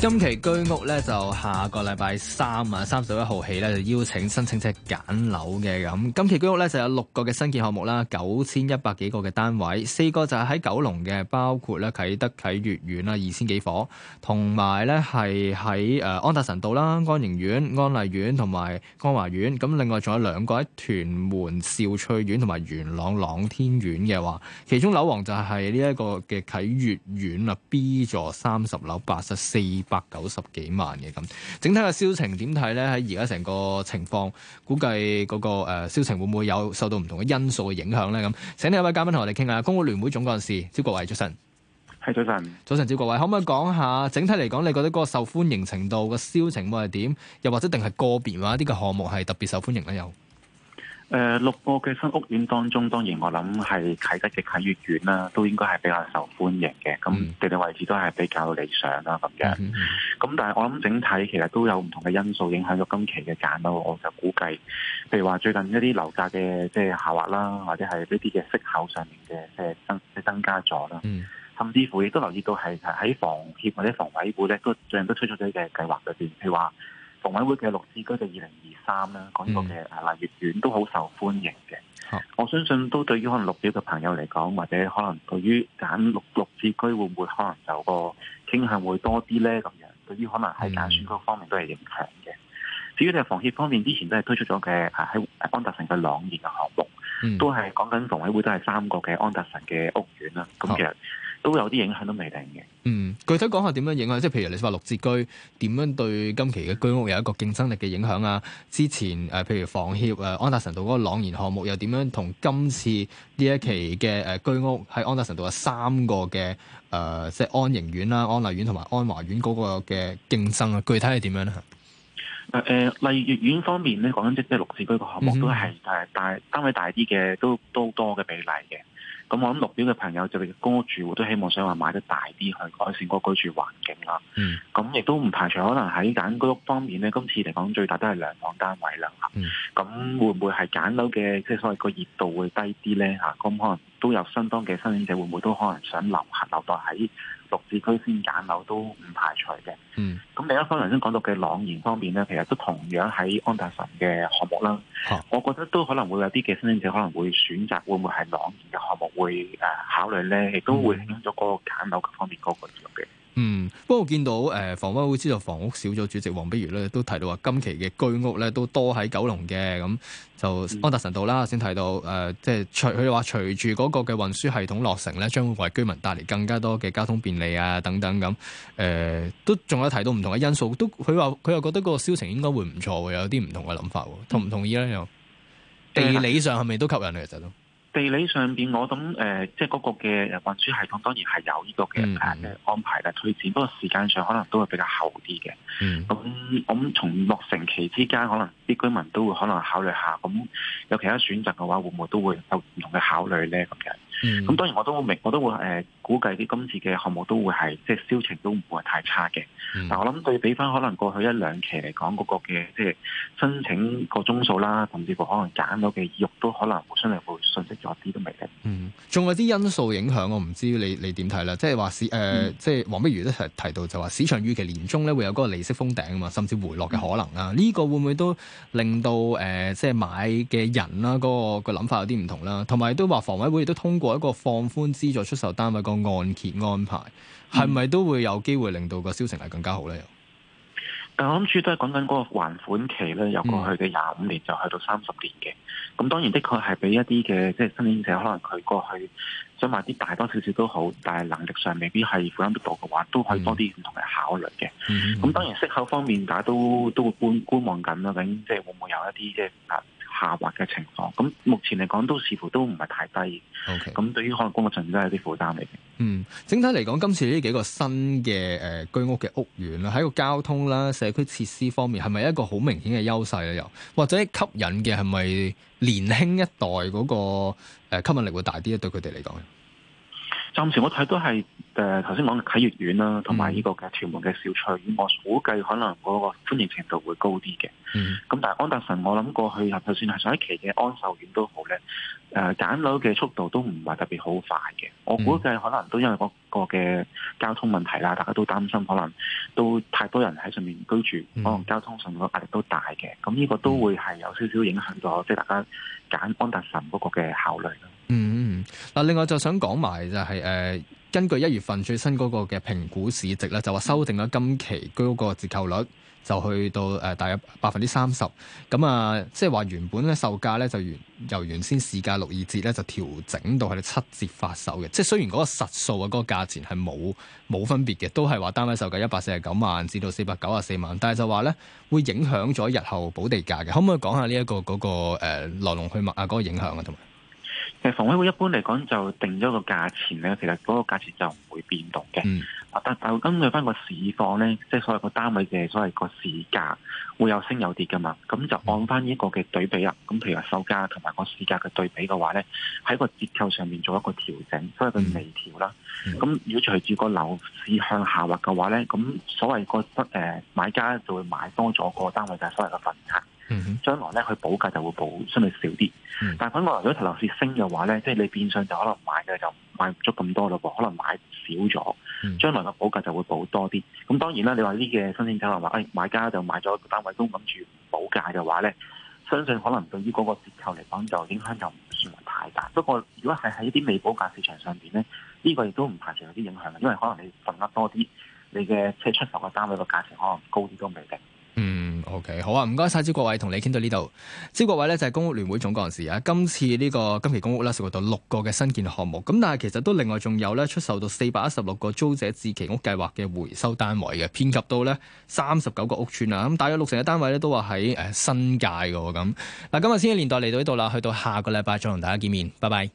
今期居屋咧，就下個禮拜三啊，三十一號起咧，就邀請申請者揀樓嘅咁。今期居屋咧就有六個嘅新建項目啦，九千一百幾個嘅單位，四個就係喺九龍嘅，包括咧啟德、啟悅苑啦，二千幾伙，同埋咧係喺誒安達臣道啦、安盈苑、安麗苑同埋安華苑。咁另外仲有兩個喺屯門兆翠苑同埋元朗朗天苑嘅話，其中樓王就係呢一個嘅啟悅苑啊 B 座三十樓八十四，百九十幾萬嘅，咁，整體嘅銷情點睇咧？喺而家成個情況，估計嗰個誒銷情會唔會有受到唔同嘅因素嘅影響咧？咁，請呢一位嘉賓同我哋傾下，公屋聯會總幹事招國偉早晨。係早晨，早晨，招國偉可唔可以講下整體嚟講，你覺得嗰個受歡迎程度嘅銷情會係點？又或者定係個別話一啲嘅項目係特別受歡迎咧？又？誒六個嘅新屋苑當中，當然我諗係啟德嘅啟悅苑啦，都應該係比較受歡迎嘅，咁、嗯、地理位置都係比較理想啦咁樣。咁、嗯、但係我諗整體其實都有唔同嘅因素影響咗今期嘅揀樓，我就估計，譬如話最近一啲樓價嘅即係下滑啦，或者係呢啲嘅息口上面嘅誒增即增加咗啦，嗯、甚至乎亦都留意到係喺房協或者房委會咧都最近都推出咗嘅計劃裏邊，譬如話。房委會嘅綠置居就二零二三啦。嗰個嘅麗月苑都好受歡迎嘅， 我相信都對於可能綠表嘅朋友嚟講，或者可能對於揀綠綠置居會唔會可能有個傾向會多啲咧咁樣？對於可能喺揀選嗰方面都係影響嘅。至於咧，房協方面之前都係推出咗嘅喺安達臣嘅朗然嘅項目。嗯、都係講緊房委會都係三個嘅安達臣嘅屋苑啦，咁其實都有啲影響都未定嘅。嗯，具體講下點樣影響？即係譬如你話綠置居點樣對今期嘅居屋有一個競爭力嘅影響啊？之前誒、呃，譬如房協誒、啊、安達臣道嗰個朗然項目又點樣同今次呢一期嘅誒居屋喺安達臣道有三個嘅誒、呃，即係安盈苑啦、安麗苑同埋安華苑嗰個嘅競爭啊？具體係點樣咧？誒例如粵苑方面咧，講緊即係綠置居嘅項目都係誒大，大單位大啲嘅，都都多嘅比例嘅。咁我諗綠表嘅朋友就公屋住戶都希望想話買得大啲去改善個居住環境啦。咁亦、嗯、都唔排除可能喺揀居屋方面咧，今次嚟講最大都係兩房單位啦。咁、嗯、會唔會係揀樓嘅即係所謂個熱度會低啲咧？嚇、啊、咁可能都有相當嘅申請者會唔會都可能想留恆留待喺？獨自區先揀樓都唔排除嘅，咁另一方面頭先講到嘅朗然方面咧，其實都同樣喺安達臣嘅項目啦。我覺得都可能會有啲嘅申請者可能會選擇，會唔會係朗然嘅項目會誒考慮咧？亦都會影響咗嗰個揀樓嘅方面嗰個嘅。嗯，不過見到誒、呃、房委會知道房屋小組主席黃碧如咧都提到話，今期嘅居屋咧都多喺九龍嘅，咁就安、嗯、達臣道啦。先提到誒、呃，即係佢話隨住嗰個嘅運輸系統落成咧，將會為居民帶嚟更加多嘅交通便利啊等等咁。誒、呃、都仲有提到唔同嘅因素，都佢話佢又覺得個銷情應該會唔錯喎，有啲唔同嘅諗法。嗯、同唔同意咧？又地理上係咪都吸引咧？其實都。地理上邊我諗誒、呃，即係嗰個嘅運輸系統當然係有呢個嘅安排啦、推展、mm，不、hmm. 過時間上可能都會比較後啲嘅，咁咁、mm hmm. 從落成期之間可能，啲居民都會可能考慮下，咁有其他選擇嘅話，會唔會都會有唔同嘅考慮咧？咁樣、嗯，咁當然我都好明，我都會誒估計啲今次嘅項目都會係即係銷情都唔會太差嘅。嗯、但我諗對比翻可能過去一兩期嚟講，嗰、嗰個嘅即係申請個宗數啦，甚至乎可能揀到嘅意欲都可能相對會順適咗啲都未定，仲有啲、嗯、因素影響，我唔知你你點睇啦？即係話市即係黃碧如都提到就話市場預期年中咧會有嗰個利息封頂啊，甚至回落嘅可能啊，呢、呢個會唔會都？令到誒、呃、即係買嘅人啦，嗰、嗰個、嗰個諗法有啲唔同啦，同埋都話房委會亦都通過一個放寬資助出售單位個按揭安排，係咪都會有機會令到個銷情係更加好咧？我諗住都係講緊嗰個還款期咧，由過去嘅廿五年就去到三十年嘅。咁、嗯、當然的確係畀一啲嘅即係申請者可能佢過去想買啲大多少少都好，但係能力上未必係負擔得到嘅話，都可以多啲唔同嘅考慮嘅。咁、嗯嗯、當然息口方面，大家都都會觀觀望緊啦，緊即係會唔會有一啲即係下下滑嘅情況。咁目前嚟講都似乎都唔係太低。OK，咁對於可能工作層面都係一啲負擔嚟嘅。嗯，整體嚟講，今次呢幾個新嘅誒、呃、居屋嘅屋苑啦，喺個交通啦、社區設施方面，係咪一個好明顯嘅優勢咧？又或者吸引嘅係咪年輕一代嗰個吸引力會大啲咧？對佢哋嚟講？暫時我睇都係，誒頭先講嘅啟悅苑啦、啊，同埋呢個嘅屯門嘅小翠苑，我估計可能嗰個歡迎程度會高啲嘅。咁、嗯、但係安達臣，我諗過去，就算係上一期嘅安秀苑都好咧，誒、呃、揀樓嘅速度都唔係特別好快嘅。我估計可能都因為嗰個嘅交通問題啦，大家都擔心，可能都太多人喺上面居住，可能交通上個壓力都大嘅。咁呢個都會係有少少影響咗，即係大家揀安達臣嗰個嘅考慮咯。嗯。嗱，另外就想講埋就係、是、誒、呃，根據一月份最新嗰個嘅評估市值咧，就話修訂咗今期嗰個折扣率，就去到誒、呃、大約百分之三十。咁啊，即係話原本咧售價咧就原由原先市價六二折咧就調整到係七折發售嘅。即係雖然嗰個實數啊，嗰個價錢係冇冇分別嘅，都係話單位售價一百四十九萬至到四百九十四萬，但係就話咧會影響咗日後補地價嘅。可唔可以講下呢、這、一個嗰、那個誒來龍去脈啊，嗰個影響啊，同埋？其實房委會一般嚟講就定咗個價錢咧，其實嗰個價錢就唔會變動嘅。嗯。但但根據翻個市況咧，即係所謂個單位嘅所謂個市價會有升有跌噶嘛。咁就按翻呢一個嘅對比啊。咁譬、嗯、如售價同埋個市價嘅對比嘅話咧，喺個折扣上面做一個調整，所謂個微調啦。嗯。咁如果隨住個樓市向下滑嘅話咧，咁所謂個不誒買家就會買多咗個單位就係所謂嘅份額。將、mm hmm. 來咧，佢補價就會補相對少啲，mm hmm. 但係咁我如果提樓市升嘅話咧，即、就、係、是、你變相就可能買嘅就買唔足咁多咯，可能買少咗，將來個補價就會補多啲。咁當然啦，你話呢嘅新興炒樓話，誒、哎、買家就買咗個單位都諗住補價嘅話咧，相信可能對於嗰個折扣嚟講就影響就唔算係太大。不過如果係喺啲未補價市場上面咧，呢、這個亦都唔排除有啲影響啦，因為可能你份額多啲，你嘅即係出售嘅單位個價錢可能高啲都未定。O.K. 好啊，唔該晒，招國偉同你傾到呢度。招國偉咧就係公屋聯會總幹事啊。今次呢個今期公屋咧，涉及到六個嘅新建項目。咁但係其實都另外仲有咧出售到四百一十六個租者置其屋計劃嘅回收單位嘅，遍及到咧三十九個屋邨啊。咁大約六成嘅單位咧都話喺誒、新界嘅咁。嗱，今日先嘅年代嚟到呢度啦，去到下個禮拜再同大家見面。拜拜。